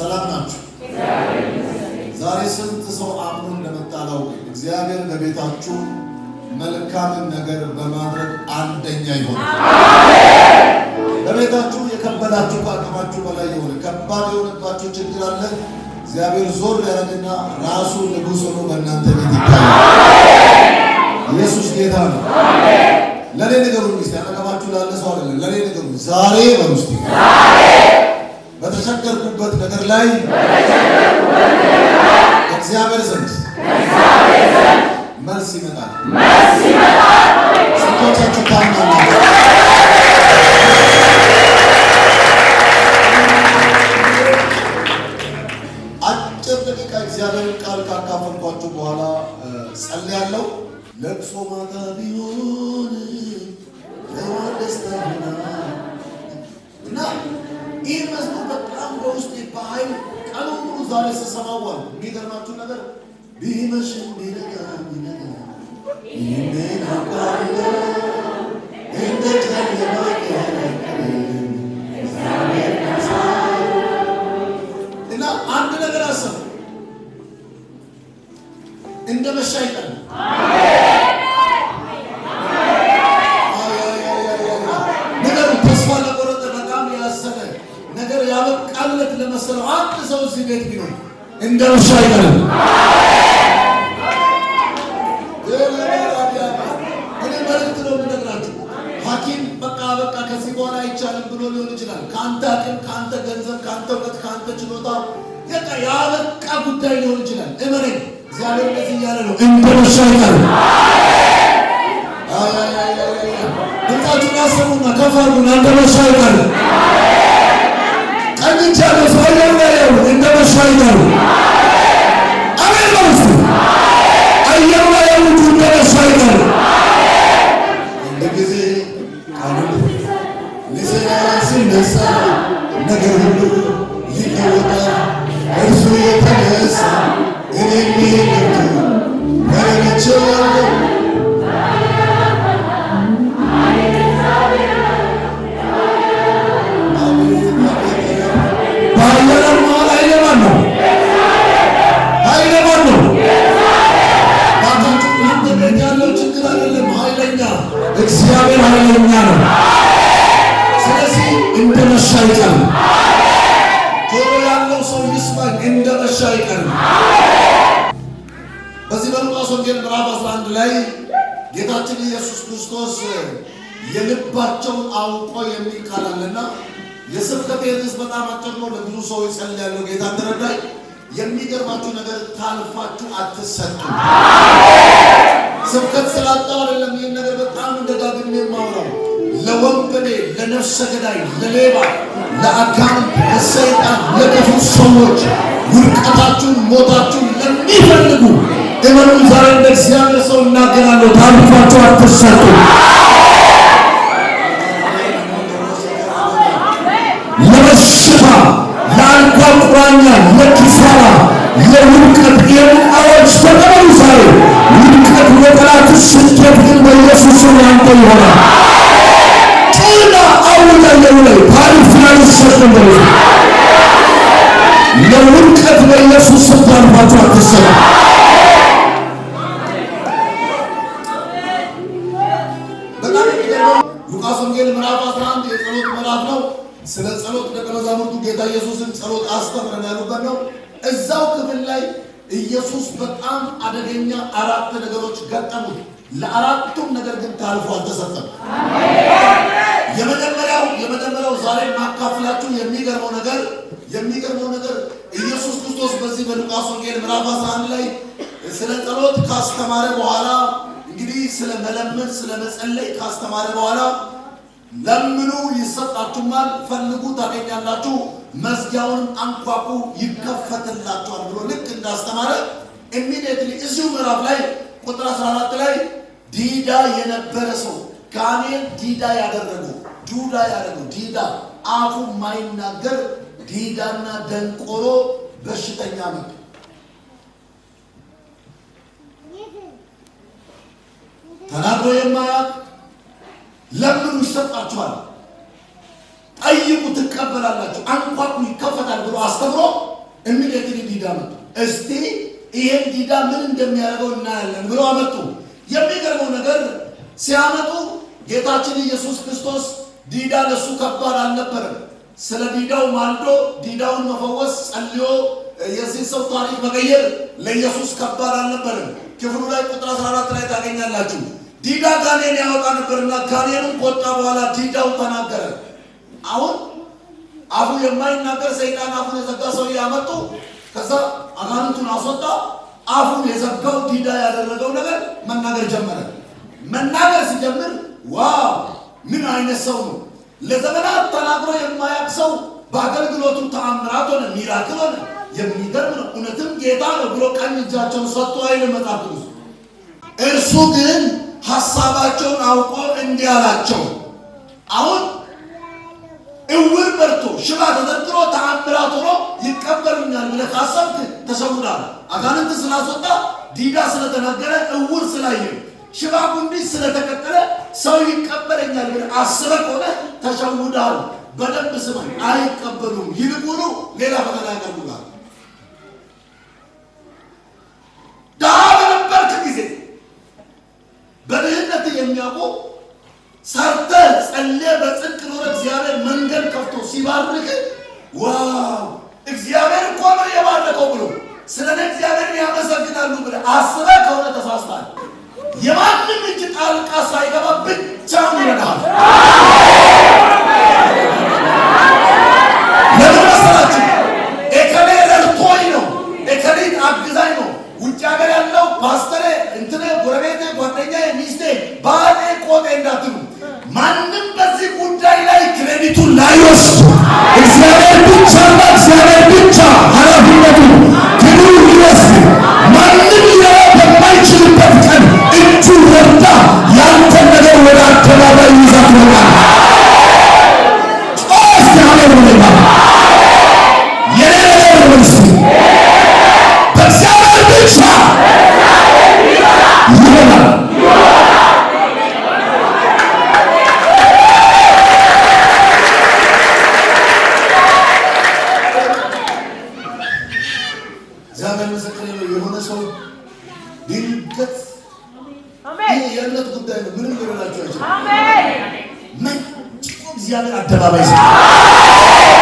ሰላም ናችሁ? ዛሬ ስንት ሰው አምኖ እንደመጣ አላውቅም። እግዚአብሔር በቤታችሁ መልካምን ነገር በማድረግ አንደኛ ይሆን። በቤታችሁ የከበዳችሁ ከአቅማችሁ በላይ የሆነ ከባድ የሆነባችሁ ችግር አለ። እግዚአብሔር ዞር ያደረግና ራሱ ንጉሥ ሆኖ በእናንተ ቤት ይታያል። ኢየሱስ ጌታ ነው። ለእኔ ነገሩ ሚስት ያጠገባችሁ ላለ ሰው አይደለም። ለእኔ ነገሩ ዛሬ በውስጥ በተቸገርኩበት ነገር ላይ እግዚአብሔር ዘንድ መልስ ይመጣል። ስንቶቻችሁ ታምናላችሁ? አጭር ደቂቃ እግዚአብሔር ቃል ካካፈልኳችሁ በኋላ ጸልያለሁ። ለቅሶ ማታ ቢሆን ደስታ እና ይህ መስሎ በጣም በውስጥ በኃይል ቀኑ ሙሉ ዛሬ ስሰማዋል። የሚገርማችሁ ነገር ቢመሽም ቢነጋ ቢነጋ ይህንን እና አንድ ነገር አሰብ እንደ መሻ ይቀር ስሜት ቢኖር እንደ እርሱ አይደለም። ሊሆን ይችላል። ከአንተ አቅም፣ ከአንተ ገንዘብ፣ ከአንተ እውቀት፣ ከአንተ ችሎታ ያበቃ ጉዳይ ሊሆን ይችላል። እመነኝ፣ እግዚአብሔር እንደዚህ እያለ ነው እንደ እርሱ አይደለም። ድምፃችሁን ያሰሙና ከፍ አድርጉና እንደ እርሱ አይደለም። ቀኝቻለሁ አይደለም አየሩ እንደ በሽታ ይጠሩ። አሜን ማለት ነው። አየሩ ላይ ያሉት እንደ በሽታ ይጠሩ። አንድ ጊዜ ቃሉ ሲነሳ ነገር ሁሉ ውሻ አይቀርም። ጆሮ ያለው ሰው ይስማኝ፣ እንደ ውሻ አይቀርም። በዚህ በሉቃስ ወንጌል ምዕራፍ 11 ላይ ጌታችን ኢየሱስ ክርስቶስ የልባቸውን አውቆ የሚል ቃል አለና የስብከቴ ርዕስ በጣም አጭር ነው። ለብዙ ሰው ይጸልያለሁ። ጌታ ተረዳኝ። የሚገርማችሁ ነገር ታልፋችሁ አትሰጡም። ስብከት ስላጣው አይደለም። ለወንበዴ፣ ለነፍሰ ገዳይ፣ ለሌባ፣ ለአጋንንት፣ ለሰይጣን፣ ለክፉ ሰዎች ውድቀታችሁን፣ ሞታችሁን ለሚፈልጉ እመኑ። ዛሬ እንደ እግዚአብሔር ሰው እናገራለሁ። ታሪፋችሁ አትሰጡ። ለበሽታ፣ ለአልጋ ቁራኛ፣ ለኪሳራ፣ ለውድቀት ይህን አዋጅ ተቀበሉ ዛሬ። ውድቀት ወጠላችሁ፣ ስኬት ግን በኢየሱስ ያንተ ይሆናል። ወንድም ለውድቀት ለኢየሱስ ስታልፋችሁ አትሰሩ። ሉቃስ ወንጌል ምዕራፍ 11 የጸሎት ምዕራፍ ነው። ስለ ጸሎት ደቀ መዛሙርቱ ጌታ ኢየሱስን ጸሎት አስተምረን ያሉበት ነው። እዛው ክፍል ላይ ኢየሱስ በጣም አደገኛ አራት ነገሮች ገጠሙት። ለአራቱም ነገር ግን ታልፎ አልተሰጠም። የመጀመሪያው የመጀመሪያው ዛሬ ማካፍላችሁ የሚገርመው ነገር የሚገርመው ነገር ኢየሱስ ክርስቶስ በዚህ በሉቃስ ወንጌል ምዕራፍ 11 ላይ ስለ ጸሎት ካስተማረ በኋላ እንግዲህ ስለ መለመን ስለ መጸለይ ካስተማረ በኋላ ለምኑ ይሰጣችሁማል፣ ፈልጉ ታገኛላችሁ፣ መዝጊያውን አንኳኩ ይከፈትላችኋል ብሎ ልክ እንዳስተማረ ኢሚዲየትሊ እዚሁ ምዕራፍ ላይ ቁጥር 14 ላይ ዲዳ የነበረ ሰው ጋኔን ዲዳ ያደረጉ ዱዳ ያለ ዲዳ አፉ የማይናገር ዲዳና ደንቆሮ በሽተኛ ነው። ተናግሮ የማያት ለምኑ ይሰጣችኋል፣ ጠይቁ ትቀበላላችሁ፣ አንኳኩ ይከፈታል ብሎ አስተምሮ የሚገድል ዲዳ መጡ። እስቲ ይሄን ዲዳ ምን እንደሚያደርገው እናያለን ብሎ አመጡ። የሚገርመው ነገር ሲያመጡ ጌታችን ኢየሱስ ክርስቶስ ዲዳ ለሱ ከባድ አልነበረም። ስለ ዲዳው ማልዶ ዲዳውን መፈወስ ጸልዮ የዚህ ሰው ታሪክ መቀየር ለኢየሱስ ከባድ አልነበረም። ክፍሉ ላይ ቁጥር 14 ላይ ታገኛላችሁ። ዲዳ ጋኔን ያወጣ ነበርና ጋኔኑን ከወጣ በኋላ ዲዳው ተናገረ። አሁን አፉ የማይናገር ሰይጣን አፉን የዘጋ ሰው ያመጡ፣ ከዛ አጋንንቱን አስወጣ። አፉን የዘጋው ዲዳ ያደረገው ነገር መናገር ጀመረ። መናገር ሲጀምር ዋው ምን አይነት ሰው ነው? ለዘመናት ተናግሮ የማያውቅ ሰው በአገልግሎቱ ተአምራት ሆነ፣ ሚራክል ሆነ፣ የሚገርም ነው። እውነትም ጌታ ነው ብሎ ቀኝ እጃቸውን ሰጥቶ አይል መጽሐፍ እርሱ ግን ሀሳባቸውን አውቆ እንዲህ አላቸው። አሁን እውር በርቶ ሽባ ተዘርግሮ ተአምራት ሆኖ ይቀበሉኛል ብለህ ካሰብክ ተሸውዳል። አጋንንት ስላስወጣ ዲዳ ስለተናገረ እውር ስላየ ሽባቡንዲ ስለተቀጠለ ሰው ይቀበለኛል ብለህ አስበህ ከሆነ ተሸውዳል። በደንብ ስማ፣ አይቀበሉም። ይልቁኑ ሌላ ፈተና ያቀርቡላል። ድሃ በነበርክ ጊዜ በድህነት የሚያውቁ ሰርተህ ጸልየህ በጽድቅ ኖረ እግዚአብሔር መንገድ ከፍቶ ሲባርክ ዋው እግዚአብሔር እኮ ነው የባረከው ብሎ ስለ እግዚአብሔርን ያመሰግናሉ ብለህ አስበህ ጣልቃ ሳይገባ ብቻ ይረዳሃል። ለምን መሰላችሁ? ኤከሌ ረድቶኝ ነው፣ ኤከሌ አግዛኝ ነው። ውጭ ሀገር ያለው ፓስተሬ፣ እንትኔ፣ ጎረቤቴ፣ ጓደኛ፣ ሚስቴ፣ ባሌ፣ ቆጤ እንዳትሉ። ማንም በዚህ ጉዳይ ላይ ክሬዲቱን ላይወስድ ይሆናል። እግዚአብሔር የሆነ ሰው ድንገት ይህ ጉዳይ ነው። ምንም ሊሆናቸው አደባባይ